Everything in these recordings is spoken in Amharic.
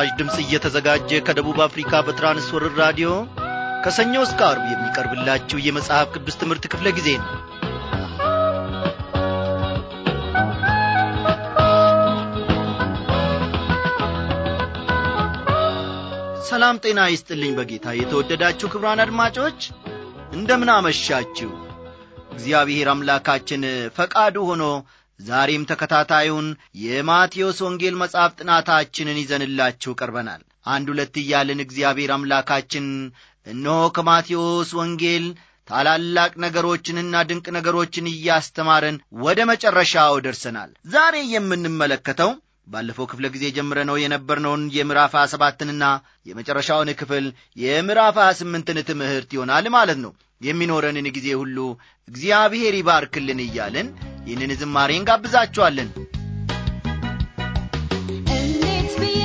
ለመስራች ድምፅ እየተዘጋጀ ከደቡብ አፍሪካ በትራንስወርር ራዲዮ ከሰኞ እስከ አርብ የሚቀርብላችሁ የመጽሐፍ ቅዱስ ትምህርት ክፍለ ጊዜ ነው ሰላም ጤና ይስጥልኝ በጌታ የተወደዳችሁ ክብራን አድማጮች እንደምን አመሻችሁ እግዚአብሔር አምላካችን ፈቃዱ ሆኖ ዛሬም ተከታታዩን የማቴዎስ ወንጌል መጽሐፍ ጥናታችንን ይዘንላችሁ ቀርበናል። አንድ ሁለት እያልን እግዚአብሔር አምላካችን እነሆ ከማቴዎስ ወንጌል ታላላቅ ነገሮችንና ድንቅ ነገሮችን እያስተማረን ወደ መጨረሻው ደርሰናል። ዛሬ የምንመለከተው ባለፈው ክፍለ ጊዜ ጀምረነው የነበርነውን የምዕራፍ ሀያ ሰባትንና የመጨረሻውን ክፍል የምዕራፍ ሀያ ስምንትን ትምህርት ይሆናል ማለት ነው። የሚኖረንን ጊዜ ሁሉ እግዚአብሔር ይባርክልን እያልን ይህንን ዝማሬ እንጋብዛችኋለን። እንዴት ብዬ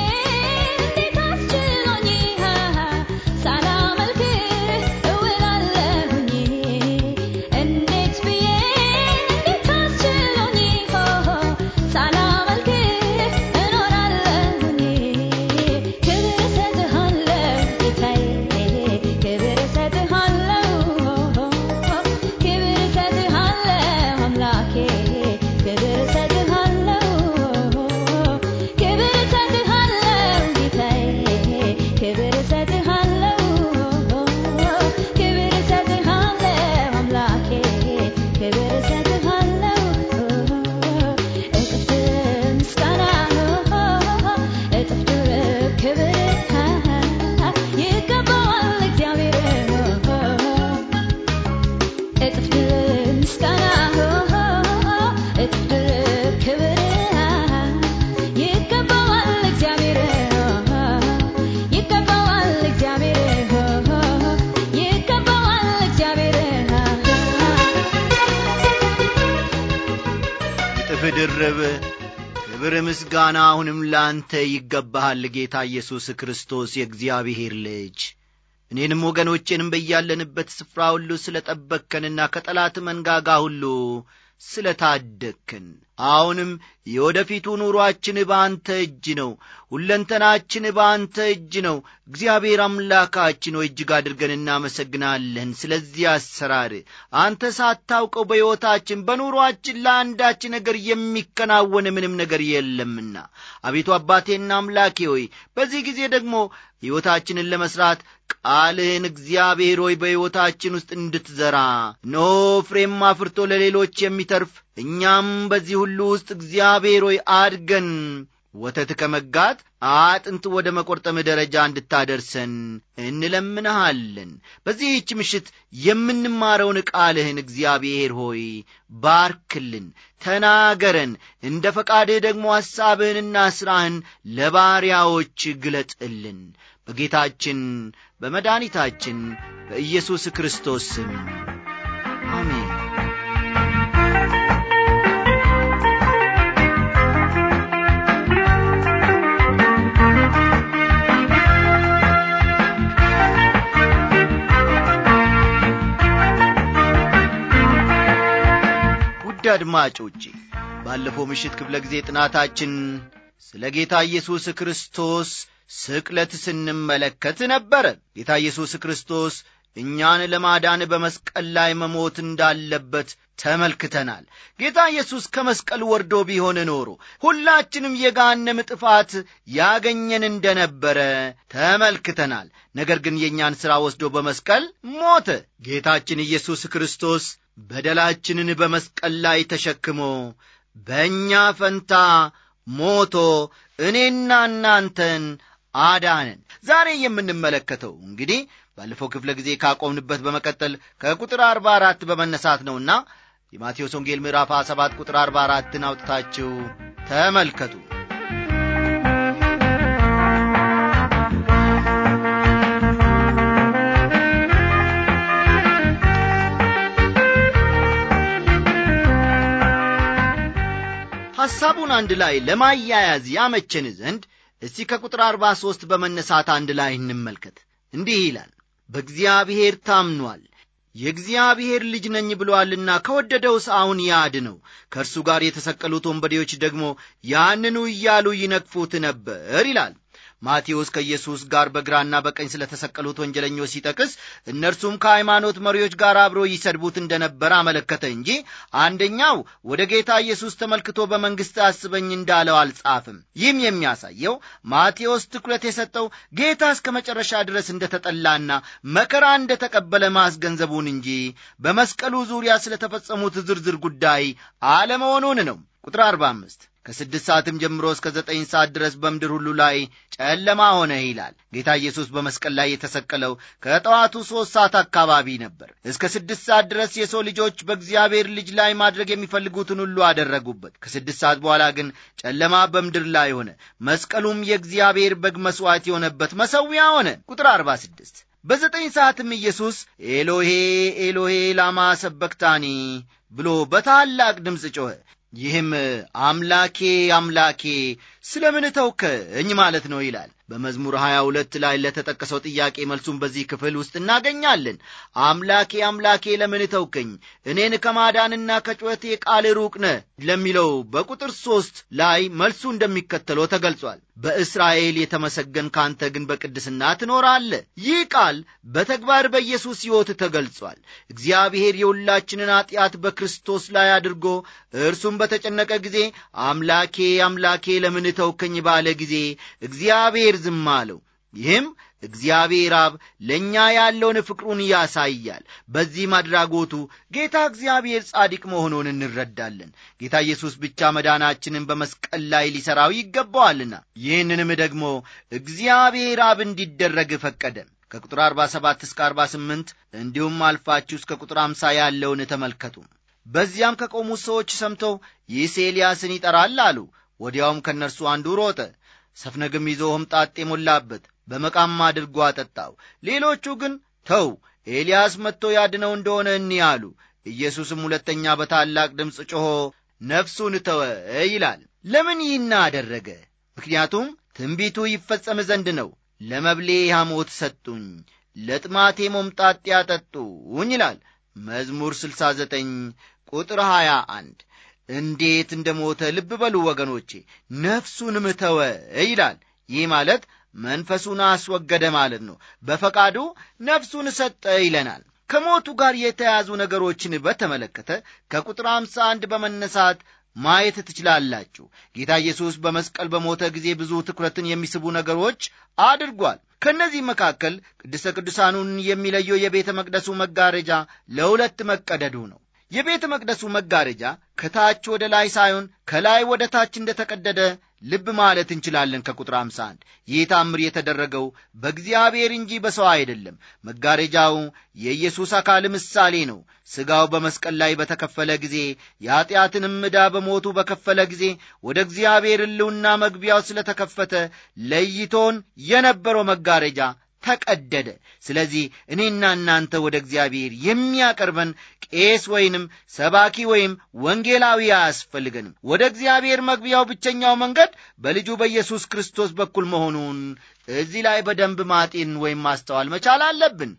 ምስጋና አሁንም ለአንተ ይገባሃል ጌታ ኢየሱስ ክርስቶስ የእግዚአብሔር ልጅ እኔንም ወገኖቼንም በያለንበት ስፍራ ሁሉ ስለ ጠበከንና ከጠላት መንጋጋ ሁሉ ስለ ታደግከን አሁንም የወደፊቱ ኑሮአችን በአንተ እጅ ነው። ሁለንተናችን በአንተ እጅ ነው። እግዚአብሔር አምላካችን ሆይ እጅግ አድርገን እናመሰግናለን። ስለዚህ አሰራር አንተ ሳታውቀው በሕይወታችን በኑሮአችን ለአንዳች ነገር የሚከናወን ምንም ነገር የለምና አቤቱ አባቴና አምላኬ ሆይ በዚህ ጊዜ ደግሞ ሕይወታችንን ለመሥራት ቃልህን እግዚአብሔር ሆይ በሕይወታችን ውስጥ እንድትዘራ ኖ ፍሬም አፍርቶ ለሌሎች የሚተርፍ እኛም በዚህ ሁሉ ውስጥ እግዚአብሔር ሆይ አድገን ወተት ከመጋት አጥንት ወደ መቈርጠም ደረጃ እንድታደርሰን እንለምንሃለን። በዚህች ምሽት የምንማረውን ቃልህን እግዚአብሔር ሆይ ባርክልን፣ ተናገረን። እንደ ፈቃድህ ደግሞ ሐሳብህንና ሥራህን ለባሪያዎች ግለጥልን። በጌታችን በመድኒታችን በኢየሱስ ክርስቶስ ስም አሜን። አድማጮቼ ባለፈው ምሽት ክፍለ ጊዜ ጥናታችን ስለ ጌታ ኢየሱስ ክርስቶስ ስቅለት ስንመለከት ነበረ። ጌታ ኢየሱስ ክርስቶስ እኛን ለማዳን በመስቀል ላይ መሞት እንዳለበት ተመልክተናል። ጌታ ኢየሱስ ከመስቀል ወርዶ ቢሆን ኖሮ ሁላችንም የጋነም ጥፋት ያገኘን እንደነበረ ተመልክተናል። ነገር ግን የእኛን ሥራ ወስዶ በመስቀል ሞተ። ጌታችን ኢየሱስ ክርስቶስ በደላችንን በመስቀል ላይ ተሸክሞ በእኛ ፈንታ ሞቶ እኔና እናንተን አዳነን። ዛሬ የምንመለከተው እንግዲህ ባለፈው ክፍለ ጊዜ ካቆምንበት በመቀጠል ከቁጥር 44 በመነሳት ነውና የማቴዎስ ወንጌል ምዕራፍ 27 ቁጥር 44ን አውጥታችሁ ተመልከቱ። ሐሳቡን አንድ ላይ ለማያያዝ ያመቸን ዘንድ እስቲ ከቁጥር አርባ ሦስት በመነሳት አንድ ላይ እንመልከት። እንዲህ ይላል በእግዚአብሔር ታምኗል የእግዚአብሔር ልጅ ነኝ ብሎአልና ከወደደውስ አሁን ያድነው። ከእርሱ ጋር የተሰቀሉት ወንበዴዎች ደግሞ ያንኑ እያሉ ይነቅፉት ነበር ይላል። ማቴዎስ ከኢየሱስ ጋር በግራና በቀኝ ስለተሰቀሉት ወንጀለኞች ሲጠቅስ እነርሱም ከሃይማኖት መሪዎች ጋር አብሮ ይሰድቡት እንደነበረ አመለከተ እንጂ አንደኛው ወደ ጌታ ኢየሱስ ተመልክቶ በመንግሥት አስበኝ እንዳለው አልጻፍም። ይህም የሚያሳየው ማቴዎስ ትኩረት የሰጠው ጌታ እስከ መጨረሻ ድረስ እንደተጠላና መከራ እንደተቀበለ ማስገንዘቡን እንጂ በመስቀሉ ዙሪያ ስለተፈጸሙት ዝርዝር ጉዳይ አለመሆኑን ነው። ቁጥር 45 ከስድስት ሰዓትም ጀምሮ እስከ ዘጠኝ ሰዓት ድረስ በምድር ሁሉ ላይ ጨለማ ሆነ ይላል። ጌታ ኢየሱስ በመስቀል ላይ የተሰቀለው ከጠዋቱ ሦስት ሰዓት አካባቢ ነበር። እስከ ስድስት ሰዓት ድረስ የሰው ልጆች በእግዚአብሔር ልጅ ላይ ማድረግ የሚፈልጉትን ሁሉ አደረጉበት። ከስድስት ሰዓት በኋላ ግን ጨለማ በምድር ላይ ሆነ። መስቀሉም የእግዚአብሔር በግ መሥዋዕት የሆነበት መሠዊያ ሆነ። ቁጥር 46 በዘጠኝ ሰዓትም ኢየሱስ ኤሎሄ ኤሎሄ ላማ ሰበክታኒ ብሎ በታላቅ ድምፅ ጮኸ። ይህም አምላኬ አምላኬ ምን ተውከኝ ማለት ነው ይላል። በመዝሙር 22 ላይ ለተጠቀሰው ጥያቄ መልሱን በዚህ ክፍል ውስጥ እናገኛለን። አምላኬ አምላኬ ለምን ተውከኝ፣ እኔን ከማዳንና ከጩኸቴ ቃል ሩቅ ነ ለሚለው በቁጥር ሦስት ላይ መልሱ እንደሚከተለው ተገልጿል። በእስራኤል የተመሰገን ካንተ ግን በቅድስና ትኖራለ ይህ ቃል በተግባር በኢየሱስ ሕይወት ተገልጿል። እግዚአብሔር የሁላችንን ኀጢአት በክርስቶስ ላይ አድርጎ እርሱም በተጨነቀ ጊዜ አምላኬ አምላኬ ለምን ተውከኝ ባለ ጊዜ እግዚአብሔር ዝም አለው። ይህም እግዚአብሔር አብ ለእኛ ያለውን ፍቅሩን ያሳያል። በዚህም አድራጎቱ ጌታ እግዚአብሔር ጻድቅ መሆኑን እንረዳለን። ጌታ ኢየሱስ ብቻ መዳናችንን በመስቀል ላይ ሊሠራው ይገባዋልና ይህንንም ደግሞ እግዚአብሔር አብ እንዲደረግ ፈቀደ። ከቁጥር 47 እስከ 48 እንዲሁም አልፋችሁ እስከ ቁጥር 50 ያለውን ተመልከቱ። በዚያም ከቆሙት ሰዎች ሰምተው ይህስ ኤልያስን ይጠራል አሉ። ወዲያውም ከእነርሱ አንዱ ሮጠ፣ ሰፍነግም ይዞ ሆምጣጤ ሞላበት፣ በመቃም አድርጎ አጠጣው። ሌሎቹ ግን ተው፣ ኤልያስ መጥቶ ያድነው እንደሆነ እኒ አሉ። ኢየሱስም ሁለተኛ በታላቅ ድምፅ ጮኾ ነፍሱን ተወ ይላል። ለምን ይህን አደረገ? ምክንያቱም ትንቢቱ ይፈጸም ዘንድ ነው። ለመብሌ ሐሞት ሰጡኝ፣ ለጥማቴ ሞምጣጤ አጠጡኝ ይላል መዝሙር 69 ቁጥር 21 እንዴት እንደ ሞተ ልብ በሉ ወገኖቼ። ነፍሱንም ተወ ይላል። ይህ ማለት መንፈሱን አስወገደ ማለት ነው። በፈቃዱ ነፍሱን ሰጠ ይለናል። ከሞቱ ጋር የተያያዙ ነገሮችን በተመለከተ ከቁጥር አምሳ አንድ በመነሳት ማየት ትችላላችሁ። ጌታ ኢየሱስ በመስቀል በሞተ ጊዜ ብዙ ትኩረትን የሚስቡ ነገሮች አድርጓል። ከእነዚህ መካከል ቅድስተ ቅዱሳኑን የሚለየው የቤተ መቅደሱ መጋረጃ ለሁለት መቀደዱ ነው። የቤተ መቅደሱ መጋረጃ ከታች ወደ ላይ ሳይሆን ከላይ ወደ ታች እንደተቀደደ ልብ ማለት እንችላለን። ከቁጥር 51 ይህ ታምር የተደረገው በእግዚአብሔር እንጂ በሰው አይደለም። መጋረጃው የኢየሱስ አካል ምሳሌ ነው። ሥጋው በመስቀል ላይ በተከፈለ ጊዜ፣ የኀጢአትንም ዕዳ በሞቱ በከፈለ ጊዜ ወደ እግዚአብሔር ሕልውና መግቢያው ስለተከፈተ ለይቶን የነበረው መጋረጃ ተቀደደ። ስለዚህ እኔና እናንተ ወደ እግዚአብሔር የሚያቀርበን ቄስ ወይንም ሰባኪ ወይም ወንጌላዊ አያስፈልገንም። ወደ እግዚአብሔር መግቢያው ብቸኛው መንገድ በልጁ በኢየሱስ ክርስቶስ በኩል መሆኑን እዚህ ላይ በደንብ ማጤን ወይም ማስተዋል መቻል አለብን።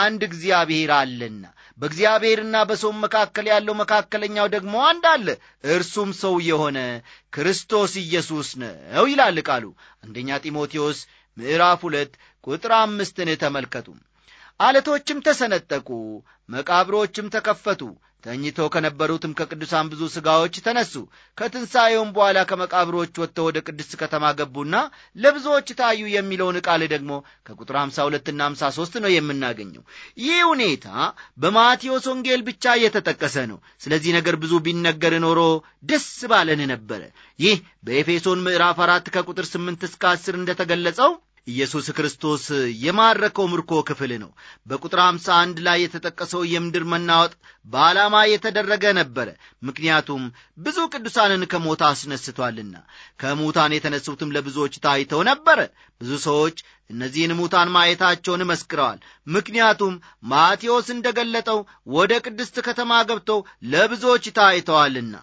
አንድ እግዚአብሔር አለና፣ በእግዚአብሔርና በሰው መካከል ያለው መካከለኛው ደግሞ አንድ አለ፣ እርሱም ሰው የሆነ ክርስቶስ ኢየሱስ ነው ይላል ቃሉ። አንደኛ ጢሞቴዎስ ምዕራፍ ሁለት ቁጥር አምስትን ተመልከቱ አለቶችም ተሰነጠቁ መቃብሮችም ተከፈቱ ተኝቶ ከነበሩትም ከቅዱሳን ብዙ ሥጋዎች ተነሱ ከትንሣኤውም በኋላ ከመቃብሮች ወጥተው ወደ ቅድስት ከተማ ገቡና ለብዙዎች ታዩ የሚለውን ቃል ደግሞ ከቁጥር 52ና ሦስት ነው የምናገኘው ይህ ሁኔታ በማቴዎስ ወንጌል ብቻ የተጠቀሰ ነው ስለዚህ ነገር ብዙ ቢነገር ኖሮ ደስ ባለን ነበረ ይህ በኤፌሶን ምዕራፍ አራት ከቁጥር 8 እስከ አስር እንደተገለጸው ኢየሱስ ክርስቶስ የማረከው ምርኮ ክፍል ነው። በቁጥር አምሳ አንድ ላይ የተጠቀሰው የምድር መናወጥ በዓላማ የተደረገ ነበረ። ምክንያቱም ብዙ ቅዱሳንን ከሞት አስነስቷልና። ከሙታን የተነሱትም ለብዙዎች ታይተው ነበረ። ብዙ ሰዎች እነዚህን ሙታን ማየታቸውን መስክረዋል። ምክንያቱም ማቴዎስ እንደገለጠው ወደ ቅድስት ከተማ ገብተው ለብዙዎች ታይተዋልና።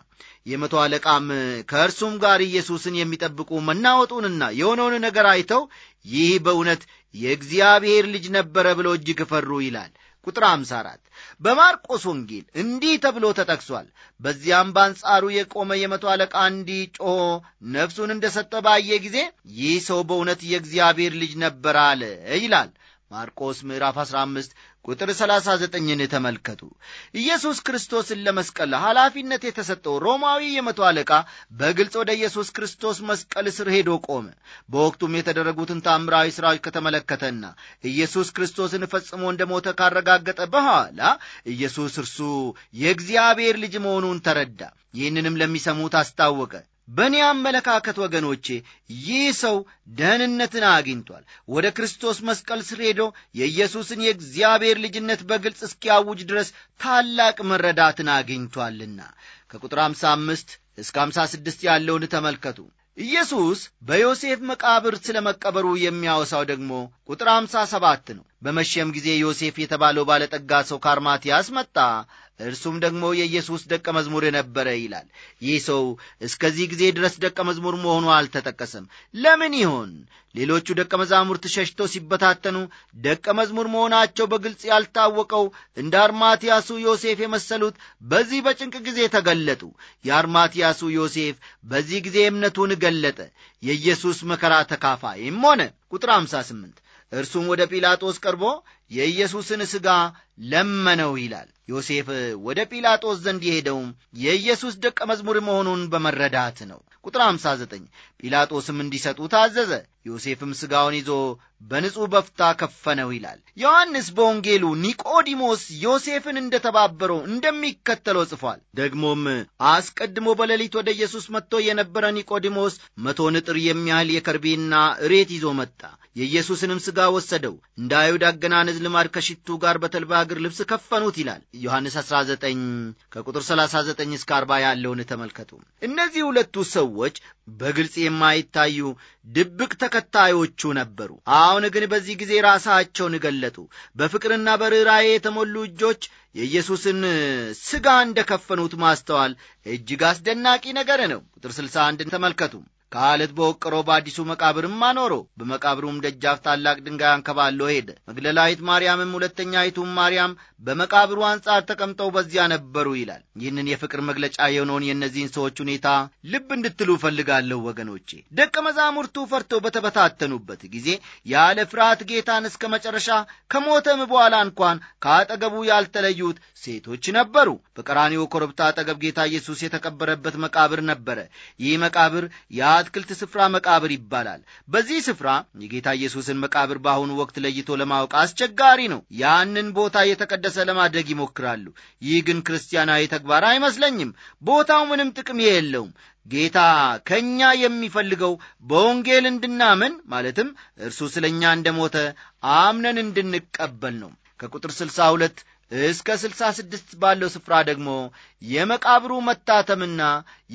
የመቶ አለቃም ከእርሱም ጋር ኢየሱስን የሚጠብቁ መናወጡንና የሆነውን ነገር አይተው ይህ በእውነት የእግዚአብሔር ልጅ ነበረ ብሎ እጅግ ፈሩ ይላል ቁጥር 54 በማርቆስ ወንጌል እንዲህ ተብሎ ተጠቅሷል። በዚያም በአንጻሩ የቆመ የመቶ አለቃ እንዲህ ጮኾ ነፍሱን እንደ ሰጠ ባየ ጊዜ ይህ ሰው በእውነት የእግዚአብሔር ልጅ ነበር አለ ይላል። ማርቆስ ምዕራፍ 15 ቁጥር 39ን ተመልከቱ። ኢየሱስ ክርስቶስን ለመስቀል ኃላፊነት የተሰጠው ሮማዊ የመቶ አለቃ በግልጽ ወደ ኢየሱስ ክርስቶስ መስቀል ስር ሄዶ ቆመ። በወቅቱም የተደረጉትን ታምራዊ ሥራዎች ከተመለከተና ኢየሱስ ክርስቶስን ፈጽሞ እንደ ሞተ ካረጋገጠ በኋላ ኢየሱስ እርሱ የእግዚአብሔር ልጅ መሆኑን ተረዳ። ይህንንም ለሚሰሙት አስታወቀ። በእኔ አመለካከት ወገኖቼ ይህ ሰው ደህንነትን አግኝቷል። ወደ ክርስቶስ መስቀል ስር ሄዶ የኢየሱስን የእግዚአብሔር ልጅነት በግልጽ እስኪያውጅ ድረስ ታላቅ መረዳትን አግኝቷልና። ከቁጥር 55 እስከ 56 ያለውን ተመልከቱ። ኢየሱስ በዮሴፍ መቃብር ስለ መቀበሩ የሚያወሳው ደግሞ ቁጥር 57 ነው። በመሸም ጊዜ ዮሴፍ የተባለው ባለጠጋ ሰው ካርማትያስ መጣ እርሱም ደግሞ የኢየሱስ ደቀ መዝሙር የነበረ ይላል። ይህ ሰው እስከዚህ ጊዜ ድረስ ደቀ መዝሙር መሆኑ አልተጠቀሰም። ለምን ይሆን? ሌሎቹ ደቀ መዛሙርት ሸሽተው ሲበታተኑ ደቀ መዝሙር መሆናቸው በግልጽ ያልታወቀው እንደ አርማትያሱ ዮሴፍ የመሰሉት በዚህ በጭንቅ ጊዜ ተገለጡ። የአርማትያሱ ዮሴፍ በዚህ ጊዜ እምነቱን ገለጠ። የኢየሱስ መከራ ተካፋይም ሆነ። ቁጥር 58 እርሱም ወደ ጲላጦስ ቀርቦ የኢየሱስን ሥጋ ለመነው ይላል። ዮሴፍ ወደ ጲላጦስ ዘንድ የሄደውም የኢየሱስ ደቀ መዝሙር መሆኑን በመረዳት ነው። ቁጥር 59 ጲላጦስም እንዲሰጡ ታዘዘ ዮሴፍም ሥጋውን ይዞ በንጹሕ በፍታ ከፈነው ይላል። ዮሐንስ በወንጌሉ ኒቆዲሞስ ዮሴፍን እንደ ተባበረው እንደሚከተለው ጽፏል። ደግሞም አስቀድሞ በሌሊት ወደ ኢየሱስ መጥቶ የነበረ ኒቆዲሞስ መቶ ንጥር የሚያህል የከርቤና እሬት ይዞ መጣ። የኢየሱስንም ሥጋ ወሰደው። እንደ አይሁድ አገናነዝ ልማድ ከሽቱ ጋር በተልባ እግር ልብስ ከፈኑት ይላል ዮሐንስ 19 ከቁጥር 39 እስከ 40 ያለውን ተመልከቱ። እነዚህ ሁለቱ ሰዎች በግልጽ የማይታዩ ድብቅ ተከታዮቹ ነበሩ። አሁን ግን በዚህ ጊዜ ራሳቸውን ገለጡ። በፍቅርና በርኅራዬ የተሞሉ እጆች የኢየሱስን ሥጋ እንደከፈኑት ማስተዋል እጅግ አስደናቂ ነገር ነው። ቁጥር 61 ተመልከቱ። ከአለት በወቀሮ በአዲሱ መቃብርም አኖረው። በመቃብሩም ደጃፍ ታላቅ ድንጋይ አንከባሎ ሄደ። መግደላዊት ማርያምም ሁለተኛይቱም ማርያም በመቃብሩ አንጻር ተቀምጠው በዚያ ነበሩ ይላል። ይህንን የፍቅር መግለጫ የሆነውን የእነዚህን ሰዎች ሁኔታ ልብ እንድትሉ እፈልጋለሁ ወገኖቼ። ደቀ መዛሙርቱ ፈርተው በተበታተኑበት ጊዜ ያለ ፍርሃት ጌታን እስከ መጨረሻ ከሞተም በኋላ እንኳን ከአጠገቡ ያልተለዩት ሴቶች ነበሩ። በቀራኒዮ ኮረብታ አጠገብ ጌታ ኢየሱስ የተቀበረበት መቃብር ነበረ። ይህ መቃብር የአትክልት ስፍራ መቃብር ይባላል። በዚህ ስፍራ የጌታ ኢየሱስን መቃብር በአሁኑ ወቅት ለይቶ ለማወቅ አስቸጋሪ ነው። ያንን ቦታ የተቀደሰ ለማድረግ ይሞክራሉ። ይህ ግን ክርስቲያናዊ ተግባር አይመስለኝም። ቦታው ምንም ጥቅም የለውም። ጌታ ከእኛ የሚፈልገው በወንጌል እንድናምን ማለትም እርሱ ስለ እኛ እንደ ሞተ አምነን እንድንቀበል ነው። ከቁጥር 62 እስከ 66 ባለው ስፍራ ደግሞ የመቃብሩ መታተምና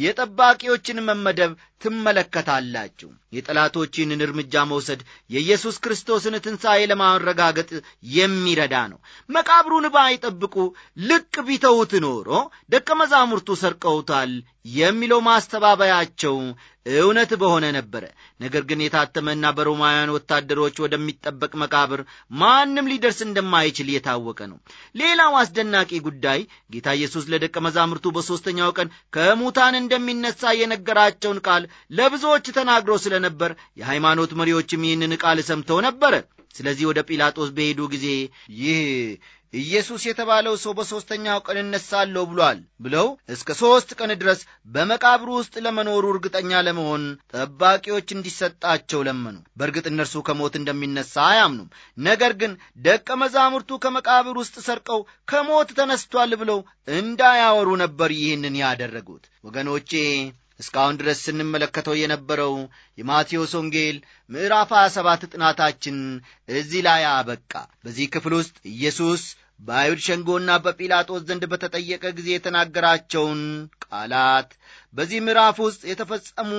የጠባቂዎችን መመደብ ትመለከታላችሁ። የጠላቶችን እርምጃ መውሰድ የኢየሱስ ክርስቶስን ትንሣኤ ለማረጋገጥ የሚረዳ ነው። መቃብሩን ባይጠብቁ ልቅ ቢተውት ኖሮ ደቀ መዛሙርቱ ሰርቀውታል የሚለው ማስተባበያቸው እውነት በሆነ ነበረ። ነገር ግን የታተመና በሮማውያን ወታደሮች ወደሚጠበቅ መቃብር ማንም ሊደርስ እንደማይችል የታወቀ ነው። ሌላው አስደናቂ ጉዳይ ጌታ ኢየሱስ ለደቀ መዛ መዛሙርቱ በሦስተኛው ቀን ከሙታን እንደሚነሳ የነገራቸውን ቃል ለብዙዎች ተናግሮ ስለ ነበር የሃይማኖት መሪዎችም ይህንን ቃል ሰምተው ነበረ። ስለዚህ ወደ ጲላጦስ በሄዱ ጊዜ ይህ ኢየሱስ የተባለው ሰው በሦስተኛው ቀን እነሳለሁ ብሏል ብለው እስከ ሦስት ቀን ድረስ በመቃብሩ ውስጥ ለመኖሩ እርግጠኛ ለመሆን ጠባቂዎች እንዲሰጣቸው ለመኑ። በእርግጥ እነርሱ ከሞት እንደሚነሳ አያምኑም። ነገር ግን ደቀ መዛሙርቱ ከመቃብር ውስጥ ሰርቀው ከሞት ተነስቷል ብለው እንዳያወሩ ነበር ይህንን ያደረጉት። ወገኖቼ እስካሁን ድረስ ስንመለከተው የነበረው የማቴዎስ ወንጌል ምዕራፍ 27 ጥናታችን እዚህ ላይ አበቃ። በዚህ ክፍል ውስጥ ኢየሱስ በአይሁድ ሸንጎና በጲላጦስ ዘንድ በተጠየቀ ጊዜ የተናገራቸውን ቃላት በዚህ ምዕራፍ ውስጥ የተፈጸሙ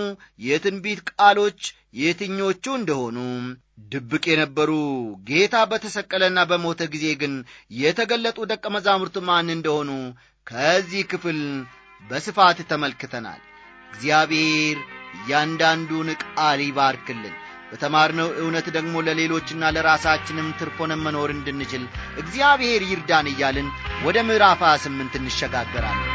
የትንቢት ቃሎች የትኞቹ እንደሆኑ ድብቅ የነበሩ ጌታ በተሰቀለና በሞተ ጊዜ ግን የተገለጡ ደቀ መዛሙርት ማን እንደሆኑ ከዚህ ክፍል በስፋት ተመልክተናል። እግዚአብሔር እያንዳንዱን ቃል ይባርክልን። በተማርነው እውነት ደግሞ ለሌሎችና ለራሳችንም ትርፎነ መኖር እንድንችል እግዚአብሔር ይርዳን እያልን ወደ ምዕራፍ 28 እንሸጋገራለን።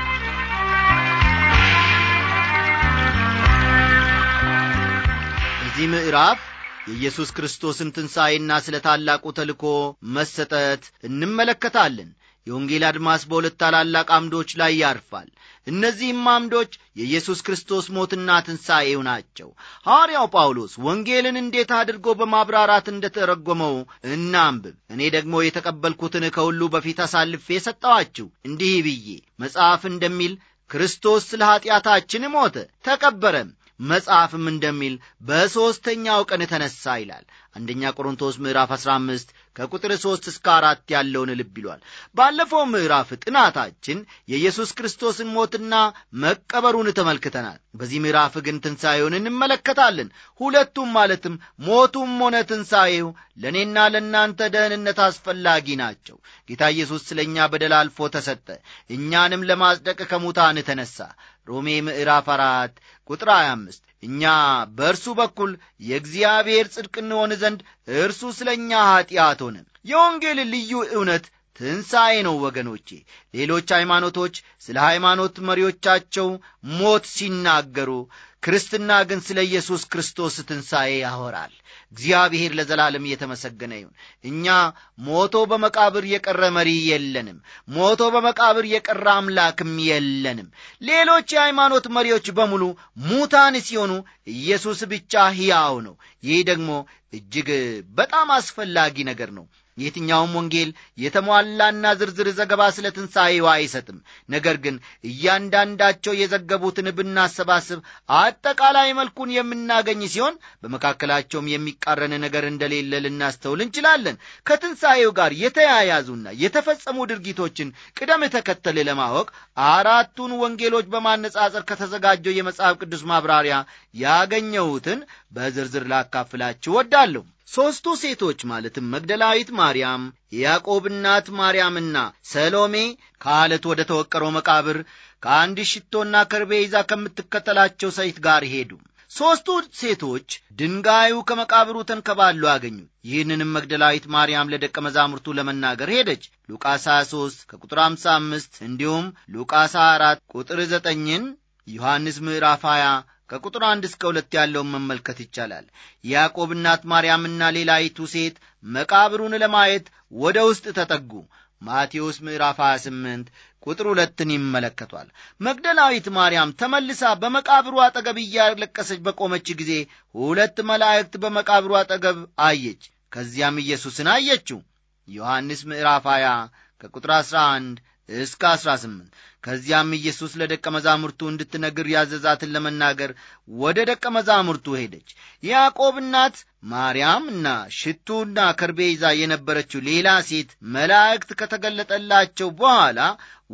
እዚህ ምዕራፍ የኢየሱስ ክርስቶስን ትንሣኤና ስለ ታላቁ ተልኮ መሰጠት እንመለከታለን። የወንጌል አድማስ በሁለት ታላላቅ አምዶች ላይ ያርፋል። እነዚህም አምዶች የኢየሱስ ክርስቶስ ሞትና ትንሣኤው ናቸው። ሐዋርያው ጳውሎስ ወንጌልን እንዴት አድርጎ በማብራራት እንደ ተረጎመው እናንብብ። እኔ ደግሞ የተቀበልኩትን ከሁሉ በፊት አሳልፌ የሰጠኋችሁ እንዲህ ብዬ መጽሐፍ እንደሚል ክርስቶስ ስለ ኀጢአታችን ሞተ፣ ተቀበረም መጽሐፍም እንደሚል በሦስተኛው ቀን ተነሣ ይላል። አንደኛ ቆሮንቶስ ምዕራፍ 15 ከቁጥር 3 እስከ አራት ያለውን ልብ ይሏል። ባለፈው ምዕራፍ ጥናታችን የኢየሱስ ክርስቶስን ሞትና መቀበሩን ተመልክተናል። በዚህ ምዕራፍ ግን ትንሣኤውን እንመለከታለን። ሁለቱም ማለትም ሞቱም ሆነ ትንሣኤው ለእኔና ለእናንተ ደህንነት አስፈላጊ ናቸው። ጌታ ኢየሱስ ስለ እኛ በደል አልፎ ተሰጠ፣ እኛንም ለማጽደቅ ከሙታን ተነሣ። ሮሜ ምዕራፍ አራት ቁጥር 25 እኛ በእርሱ በኩል የእግዚአብሔር ጽድቅ እንሆን ዘንድ እርሱ ስለ እኛ ኀጢአት ሆነ። የወንጌል ልዩ እውነት ትንሣኤ ነው ወገኖቼ። ሌሎች ሃይማኖቶች ስለ ሃይማኖት መሪዎቻቸው ሞት ሲናገሩ ክርስትና ግን ስለ ኢየሱስ ክርስቶስ ትንሣኤ ያወራል። እግዚአብሔር ለዘላለም እየተመሰገነ ይሁን። እኛ ሞቶ በመቃብር የቀረ መሪ የለንም። ሞቶ በመቃብር የቀረ አምላክም የለንም። ሌሎች የሃይማኖት መሪዎች በሙሉ ሙታን ሲሆኑ፣ ኢየሱስ ብቻ ሕያው ነው። ይህ ደግሞ እጅግ በጣም አስፈላጊ ነገር ነው። የትኛውም ወንጌል የተሟላና ዝርዝር ዘገባ ስለ ትንሣኤው አይሰጥም። ነገር ግን እያንዳንዳቸው የዘገቡትን ብናሰባስብ አጠቃላይ መልኩን የምናገኝ ሲሆን በመካከላቸውም የሚቃረን ነገር እንደሌለ ልናስተውል እንችላለን። ከትንሣኤው ጋር የተያያዙና የተፈጸሙ ድርጊቶችን ቅደም ተከተል ለማወቅ አራቱን ወንጌሎች በማነጻጸር ከተዘጋጀው የመጽሐፍ ቅዱስ ማብራሪያ ያገኘሁትን በዝርዝር ላካፍላችሁ ወዳለሁ። ሦስቱ ሴቶች ማለትም መግደላዊት ማርያም፣ የያዕቆብ እናት ማርያምና ሰሎሜ ከአለት ወደ ተወቀረው መቃብር ከአንድ ሽቶና ከርቤ ይዛ ከምትከተላቸው ሰይት ጋር ሄዱ። ሦስቱ ሴቶች ድንጋዩ ከመቃብሩ ተንከባሉ አገኙ። ይህንንም መግደላዊት ማርያም ለደቀ መዛሙርቱ ለመናገር ሄደች። ሉቃስ 23 ከቁጥር 55 እንዲሁም ሉቃስ 24 ቁጥር 9ን ዮሐንስ ምዕራፍ 20 ከቁጥር አንድ እስከ ሁለት ያለውን መመልከት ይቻላል። ያዕቆብ እናት ማርያምና ሌላይቱ ሴት መቃብሩን ለማየት ወደ ውስጥ ተጠጉ። ማቴዎስ ምዕራፍ 28 ቁጥር ሁለትን ይመለከቷል። መግደላዊት ማርያም ተመልሳ በመቃብሩ አጠገብ እያለቀሰች በቆመች ጊዜ ሁለት መላእክት በመቃብሩ አጠገብ አየች። ከዚያም ኢየሱስን አየችው። ዮሐንስ ምዕራፍ 20 ከቁጥር 11 እስከ 18 ከዚያም ኢየሱስ ለደቀ መዛሙርቱ እንድትነግር ያዘዛትን ለመናገር ወደ ደቀ መዛሙርቱ ሄደች። ያዕቆብ እናት ማርያምና ሽቱና ከርቤ ይዛ የነበረችው ሌላ ሴት መላእክት ከተገለጠላቸው በኋላ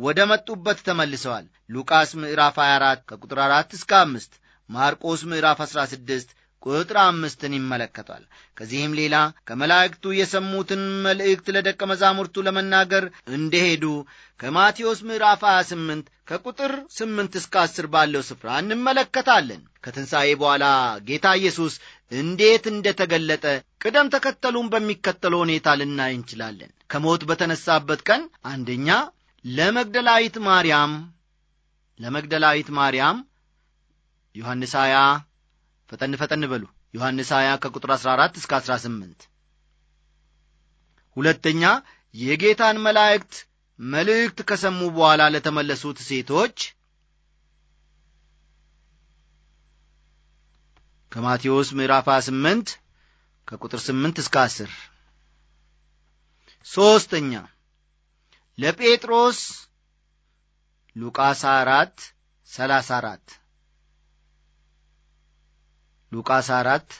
ወደ መጡበት ተመልሰዋል። ሉቃስ ምዕራፍ 24 ከቁጥር 4 እስከ 5፣ ማርቆስ ምዕራፍ 16 ቁጥር አምስትን ይመለከቷል። ከዚህም ሌላ ከመላእክቱ የሰሙትን መልእክት ለደቀ መዛሙርቱ ለመናገር እንደሄዱ ከማቴዎስ ምዕራፍ 28 ከቁጥር 8 እስከ 10 ባለው ስፍራ እንመለከታለን። ከትንሣኤ በኋላ ጌታ ኢየሱስ እንዴት እንደ ተገለጠ ቅደም ተከተሉን በሚከተለው ሁኔታ ልናይ እንችላለን። ከሞት በተነሳበት ቀን አንደኛ ለመግደላዊት ማርያም ለመግደላዊት ማርያም ዮሐንስ 20 ፈጠን ፈጠን በሉ ዮሐንስ 20 ከቁጥር 14 እስከ 18 ሁለተኛ የጌታን መላእክት መልእክት ከሰሙ በኋላ ለተመለሱት ሴቶች ከማቴዎስ ምዕራፍ 28 ከቁጥር 8 እስከ 10 ሦስተኛ ለጴጥሮስ ሉቃስ 4 34 ሉቃስ 4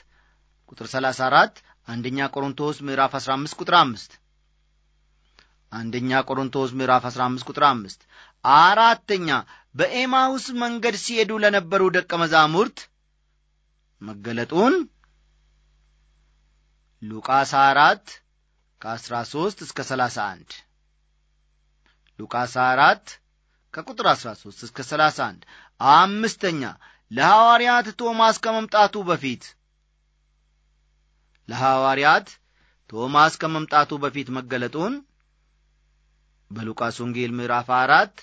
ቁጥር 34 አንደኛ ቆሮንቶስ ምዕራፍ 15 ቁጥር 5 አንደኛ ቆሮንቶስ ምዕራፍ 15 ቁጥር 5 አራተኛ በኤማውስ መንገድ ሲሄዱ ለነበሩ ደቀ መዛሙርት መገለጡን ሉቃስ 4 ከ13 እስከ 31 ሉቃስ 4 ከቁጥር 13 እስከ 31 አምስተኛ ለሐዋርያት ቶማስ ከመምጣቱ በፊት ለሐዋርያት ቶማስ ከመምጣቱ በፊት መገለጡን በሉቃስ ወንጌል ምዕራፍ አራት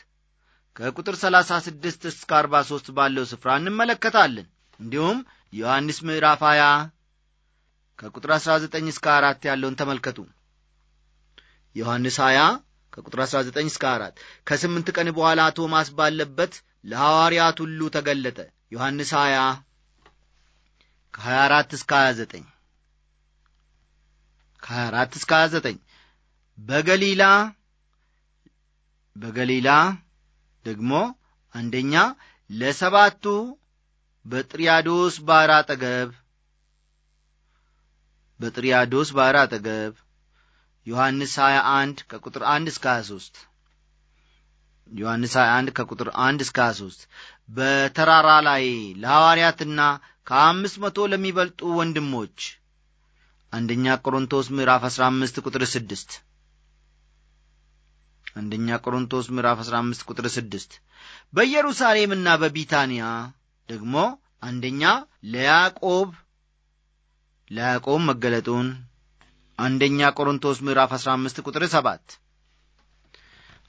ከቁጥር 36 እስከ 43 ባለው ስፍራ እንመለከታለን። እንዲሁም ዮሐንስ ምዕራፍ 20 ከቁጥር 19 እስከ 4 ያለውን ተመልከቱ። ዮሐንስ 20 ከቁጥር 19 እስከ 4 ከስምንት ቀን በኋላ ቶማስ ባለበት ለሐዋርያት ሁሉ ተገለጠ። ዮሐንስ 20 ከ24 እስከ 29 ከ24 እስከ 29 በገሊላ በገሊላ ደግሞ አንደኛ ለሰባቱ በጥሪያዶስ ባሕር አጠገብ በጥሪያዶስ ባሕር አጠገብ ዮሐንስ 21 ከቁጥር 1 እስከ 23 ዮሐንስ 21 ከቁጥር 1 እስከ 23 በተራራ ላይ ለሐዋርያትና ከአምስት መቶ ለሚበልጡ ወንድሞች አንደኛ ቆሮንቶስ ምዕራፍ 15 ቁጥር 6 አንደኛ ቆሮንቶስ ምዕራፍ 15 ቁጥር 6 በኢየሩሳሌምና በቢታንያ ደግሞ አንደኛ ለያዕቆብ ለያዕቆብ መገለጡን አንደኛ ቆሮንቶስ ምዕራፍ 15 ቁጥር 7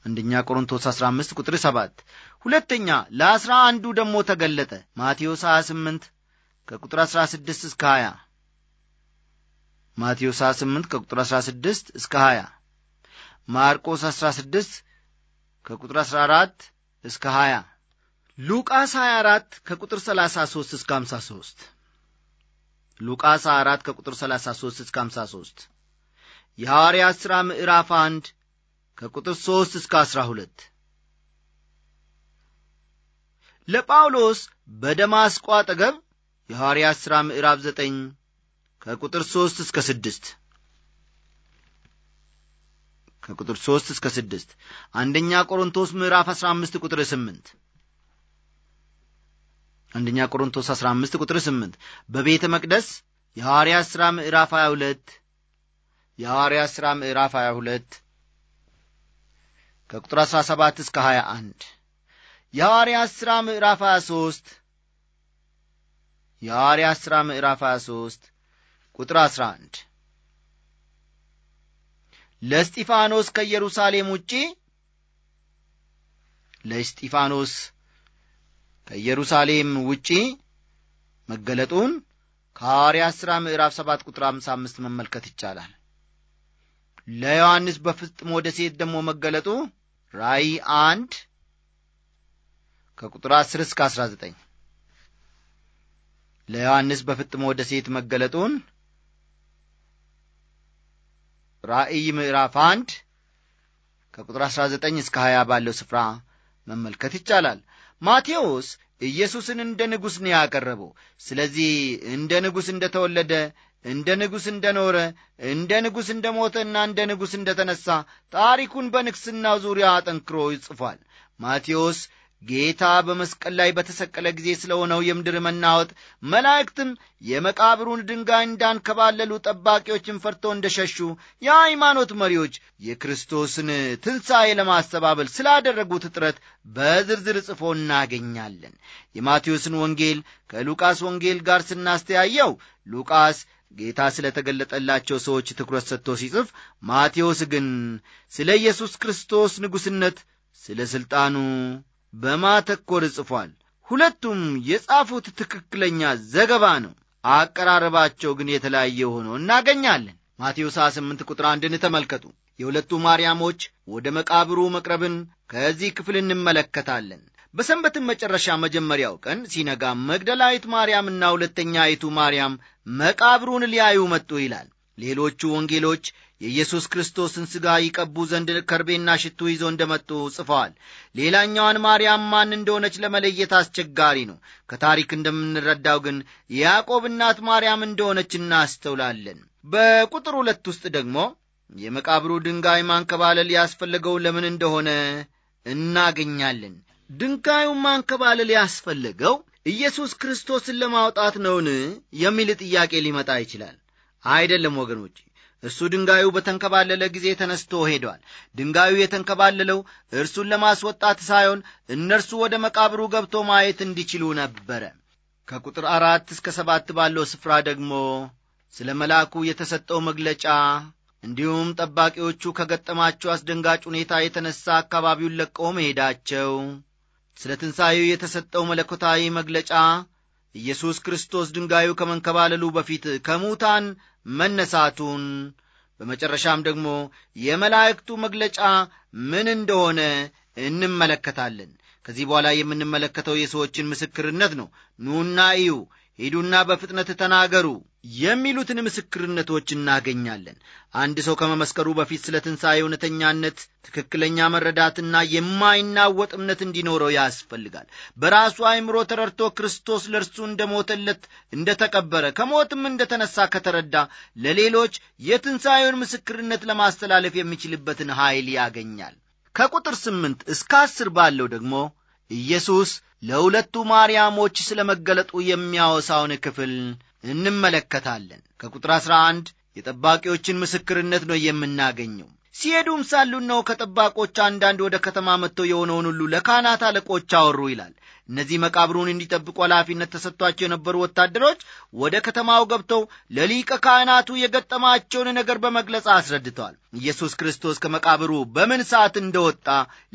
አንደኛ ቆሮንቶስ 15 ቁጥር 7 ሁለተኛ ለአስራ አንዱ ደግሞ ተገለጠ ማቴዎስ 28 ከቁጥር 16 እስከ 20 ማቴዎስ 28 ከቁጥር 16 እስከ 20 ማርቆስ 16 ከቁጥር 14 እስከ 20 ሉቃስ 24 ከቁጥር 33 እስከ 53 ሉቃስ 24 ከቁጥር 33 እስከ 53 የሐዋርያት ሥራ ምዕራፍ 1 ከቁጥር 3 እስከ 12 ለጳውሎስ በደማስቆ አጠገብ የሐዋርያ ሥራ ምዕራፍ 9 ከቁጥር 3 እስከ 6 ከቁጥር 3 እስከ 6 አንደኛ ቆሮንቶስ ምዕራፍ 15 ቁጥር 8 አንደኛ ቆሮንቶስ 15 ቁጥር 8 በቤተ መቅደስ የሐዋርያ ሥራ ምዕራፍ 22 የሐዋርያ ሥራ ምዕራፍ 22 ከቁጥር 17 እስከ 21 የሐዋርያ ሥራ ምዕራፍ 23 የሐዋርያ ሥራ ምዕራፍ 23 ቁጥር 11 ለእስጢፋኖስ ከኢየሩሳሌም ውጪ ለእስጢፋኖስ ከኢየሩሳሌም ውጪ መገለጡን ከሐዋርያ ሥራ ምዕራፍ 7 ቁጥር 55 መመልከት ይቻላል። ለዮሐንስ በፍጥሞ ደሴት ደግሞ መገለጡ ራእይ አንድ ከቁጥር አስር እስከ 19 ለዮሐንስ በፍጥሞ ወደ ሴት መገለጡን ራእይ ምዕራፍ አንድ ከቁጥር 19 እስከ ሀያ ባለው ስፍራ መመልከት ይቻላል። ማቴዎስ ኢየሱስን እንደ ንጉሥ ነው ያቀረበው። ስለዚህ እንደ ንጉሥ እንደ ተወለደ እንደ ንጉሥ እንደ ኖረ እንደ ንጉሥ እንደ ሞተና እንደ ንጉሥ እንደ ተነሣ ታሪኩን በንግሥናው ዙሪያ አጠንክሮ ይጽፏል። ማቴዎስ ጌታ በመስቀል ላይ በተሰቀለ ጊዜ ስለ ሆነው የምድር መናወጥ መላእክትም የመቃብሩን ድንጋይ እንዳንከባለሉ ጠባቂዎችን ፈርቶ እንደ ሸሹ የሃይማኖት መሪዎች የክርስቶስን ትንሣኤ ለማስተባበል ስላደረጉት እጥረት በዝርዝር ጽፎ እናገኛለን። የማቴዎስን ወንጌል ከሉቃስ ወንጌል ጋር ስናስተያየው ሉቃስ ጌታ ስለ ተገለጠላቸው ሰዎች ትኩረት ሰጥቶ ሲጽፍ፣ ማቴዎስ ግን ስለ ኢየሱስ ክርስቶስ ንጉሥነት፣ ስለ ሥልጣኑ በማተኮር ጽፏል። ሁለቱም የጻፉት ትክክለኛ ዘገባ ነው። አቀራረባቸው ግን የተለያየ ሆኖ እናገኛለን። ማቴዎስ 28 ቁጥር አንድን ተመልከቱ። የሁለቱ ማርያሞች ወደ መቃብሩ መቅረብን ከዚህ ክፍል እንመለከታለን። በሰንበትም መጨረሻ መጀመሪያው ቀን ሲነጋ መግደላዊት ማርያምና አይቱ ማርያም መቃብሩን ሊያዩ መጡ ይላል። ሌሎቹ ወንጌሎች የኢየሱስ ክርስቶስን ሥጋ ይቀቡ ዘንድ ከርቤና ሽቱ ይዞ እንደመጡ ጽፈዋል። ሌላኛዋን ማርያም ማን እንደሆነች ለመለየት አስቸጋሪ ነው። ከታሪክ እንደምንረዳው ግን የያዕቆብ እናት ማርያም እንደሆነች እናስተውላለን። በቁጥር ሁለት ውስጥ ደግሞ የመቃብሩ ድንጋይ ማንከባለል ያስፈለገው ለምን እንደሆነ እናገኛለን። ድንጋዩን ማንከባለል ያስፈለገው ኢየሱስ ክርስቶስን ለማውጣት ነውን የሚል ጥያቄ ሊመጣ ይችላል። አይደለም ወገኖች፣ እርሱ ድንጋዩ በተንከባለለ ጊዜ ተነስቶ ሄዷል። ድንጋዩ የተንከባለለው እርሱን ለማስወጣት ሳይሆን እነርሱ ወደ መቃብሩ ገብቶ ማየት እንዲችሉ ነበረ። ከቁጥር አራት እስከ ሰባት ባለው ስፍራ ደግሞ ስለ መልአኩ የተሰጠው መግለጫ እንዲሁም ጠባቂዎቹ ከገጠማቸው አስደንጋጭ ሁኔታ የተነሳ አካባቢውን ለቀው መሄዳቸው ስለ ትንሣኤው የተሰጠው መለኮታዊ መግለጫ ኢየሱስ ክርስቶስ ድንጋዩ ከመንከባለሉ በፊት ከሙታን መነሳቱን በመጨረሻም ደግሞ የመላእክቱ መግለጫ ምን እንደሆነ እንመለከታለን። ከዚህ በኋላ የምንመለከተው የሰዎችን ምስክርነት ነው። ኑና እዩ ሂዱና በፍጥነት ተናገሩ የሚሉትን ምስክርነቶች እናገኛለን። አንድ ሰው ከመመስከሩ በፊት ስለ ትንሣኤ እውነተኛነት ትክክለኛ መረዳትና የማይናወጥ እምነት እንዲኖረው ያስፈልጋል። በራሱ አእምሮ ተረድቶ ክርስቶስ ለእርሱ እንደ ሞተለት፣ እንደ ተቀበረ፣ ከሞትም እንደ ተነሣ ከተረዳ ለሌሎች የትንሣኤውን ምስክርነት ለማስተላለፍ የሚችልበትን ኃይል ያገኛል። ከቁጥር ስምንት እስከ አስር ባለው ደግሞ ኢየሱስ ለሁለቱ ማርያሞች ስለ መገለጡ የሚያወሳውን ክፍል እንመለከታለን። ከቁጥር 11 የጠባቂዎችን ምስክርነት ነው የምናገኘው። ሲሄዱም ሳሉ ነው ከጠባቆች አንዳንድ ወደ ከተማ መጥተው የሆነውን ሁሉ ለካህናት አለቆች አወሩ ይላል። እነዚህ መቃብሩን እንዲጠብቁ ኃላፊነት ተሰጥቷቸው የነበሩ ወታደሮች ወደ ከተማው ገብተው ለሊቀ ካህናቱ የገጠማቸውን ነገር በመግለጽ አስረድተዋል። ኢየሱስ ክርስቶስ ከመቃብሩ በምን ሰዓት እንደወጣ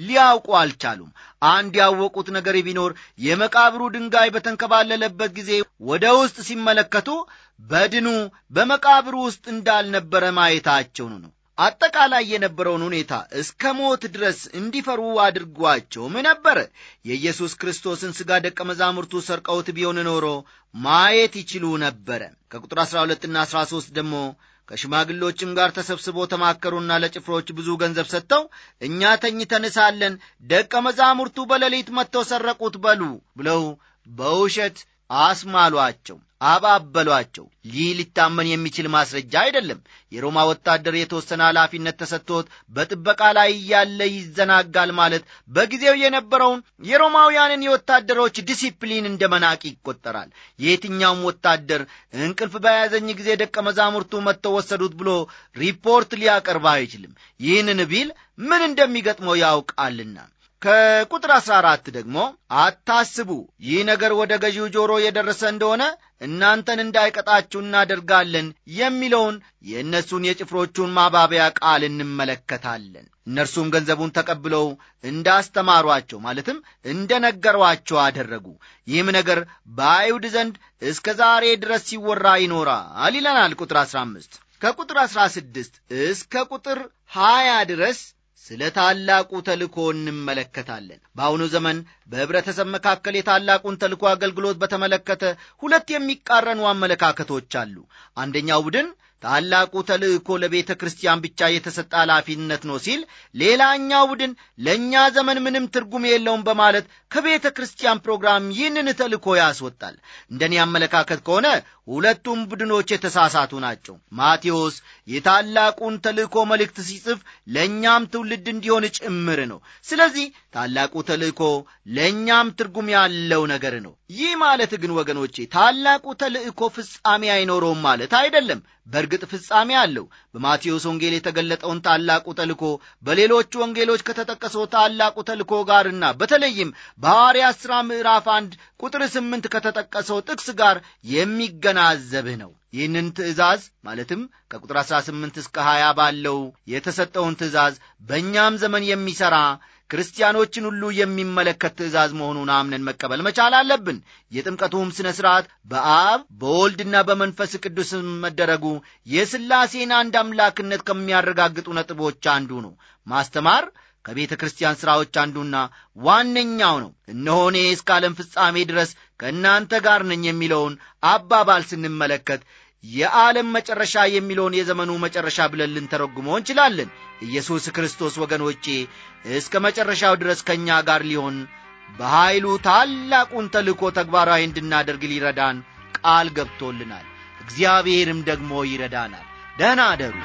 ሊያውቁ አልቻሉም። አንድ ያወቁት ነገር ቢኖር የመቃብሩ ድንጋይ በተንከባለለበት ጊዜ ወደ ውስጥ ሲመለከቱ በድኑ በመቃብሩ ውስጥ እንዳልነበረ ማየታቸውን ነው። አጠቃላይ የነበረውን ሁኔታ እስከ ሞት ድረስ እንዲፈሩ አድርጓቸውም ነበር። የኢየሱስ ክርስቶስን ሥጋ ደቀ መዛሙርቱ ሰርቀውት ቢሆን ኖሮ ማየት ይችሉ ነበረ። ከቁጥር 12ና 13 ደግሞ ከሽማግሎችም ጋር ተሰብስቦ ተማከሩና ለጭፍሮች ብዙ ገንዘብ ሰጥተው እኛ ተኝተን ሳለን ደቀ መዛሙርቱ በሌሊት መጥተው ሰረቁት በሉ ብለው በውሸት አስማሏቸው። አባበሏቸው። ይህ ሊታመን የሚችል ማስረጃ አይደለም። የሮማ ወታደር የተወሰነ ኃላፊነት ተሰጥቶት በጥበቃ ላይ እያለ ይዘናጋል ማለት በጊዜው የነበረውን የሮማውያንን የወታደሮች ዲሲፕሊን እንደ መናቅ ይቆጠራል። የየትኛውም ወታደር እንቅልፍ በያዘኝ ጊዜ ደቀ መዛሙርቱ መጥተው ወሰዱት ብሎ ሪፖርት ሊያቀርብ አይችልም። ይህንን ቢል ምን እንደሚገጥመው ያውቃልና ከቁጥር አሥራ አራት ደግሞ አታስቡ፣ ይህ ነገር ወደ ገዢው ጆሮ የደረሰ እንደሆነ እናንተን እንዳይቀጣችሁ እናደርጋለን የሚለውን የእነሱን የጭፍሮቹን ማባበያ ቃል እንመለከታለን። እነርሱም ገንዘቡን ተቀብለው እንዳስተማሯቸው ማለትም እንደነገሯቸው አደረጉ። ይህም ነገር በአይሁድ ዘንድ እስከ ዛሬ ድረስ ሲወራ ይኖራል ይለናል ቁጥር 15 ከቁጥር 16 እስከ ቁጥር 20 ድረስ ስለ ታላቁ ተልኮ እንመለከታለን። በአሁኑ ዘመን በኅብረተሰብ መካከል የታላቁን ተልኮ አገልግሎት በተመለከተ ሁለት የሚቃረኑ አመለካከቶች አሉ። አንደኛው ቡድን ታላቁ ተልእኮ ለቤተ ክርስቲያን ብቻ የተሰጠ ኃላፊነት ነው ሲል፣ ሌላኛው ቡድን ለእኛ ዘመን ምንም ትርጉም የለውም በማለት ከቤተ ክርስቲያን ፕሮግራም ይህንን ተልእኮ ያስወጣል። እንደኔ አመለካከት ከሆነ ሁለቱም ቡድኖች የተሳሳቱ ናቸው። ማቴዎስ የታላቁን ተልእኮ መልእክት ሲጽፍ ለእኛም ትውልድ እንዲሆን ጭምር ነው። ስለዚህ ታላቁ ተልእኮ ለእኛም ትርጉም ያለው ነገር ነው። ይህ ማለት ግን ወገኖቼ ታላቁ ተልእኮ ፍጻሜ አይኖረውም ማለት አይደለም። በእርግጥ ፍጻሜ አለው። በማቴዎስ ወንጌል የተገለጠውን ታላቁ ተልእኮ በሌሎቹ ወንጌሎች ከተጠቀሰው ታላቁ ተልእኮ ጋርና በተለይም በሐዋርያት ሥራ ምዕራፍ አንድ ቁጥር ስምንት ከተጠቀሰው ጥቅስ ጋር የሚገ እየተገናዘብህ ነው። ይህንን ትእዛዝ ማለትም ከቁጥር 18 እስከ 20 ባለው የተሰጠውን ትእዛዝ በእኛም ዘመን የሚሠራ ክርስቲያኖችን ሁሉ የሚመለከት ትእዛዝ መሆኑን አምነን መቀበል መቻል አለብን። የጥምቀቱም ሥነ ሥርዓት በአብ በወልድና በመንፈስ ቅዱስ መደረጉ የሥላሴን አንድ አምላክነት ከሚያረጋግጡ ነጥቦች አንዱ ነው። ማስተማር ከቤተ ክርስቲያን ሥራዎች አንዱና ዋነኛው ነው። እነሆ እኔ እስከ ዓለም ፍጻሜ ድረስ ከእናንተ ጋር ነኝ የሚለውን አባባል ስንመለከት የዓለም መጨረሻ የሚለውን የዘመኑ መጨረሻ ብለን ልንተረጉመ እንችላለን። ኢየሱስ ክርስቶስ ወገኖቼ እስከ መጨረሻው ድረስ ከእኛ ጋር ሊሆን በኀይሉ ታላቁን ተልእኮ ተግባራዊ እንድናደርግ ሊረዳን ቃል ገብቶልናል። እግዚአብሔርም ደግሞ ይረዳናል። ደህና አደሩ።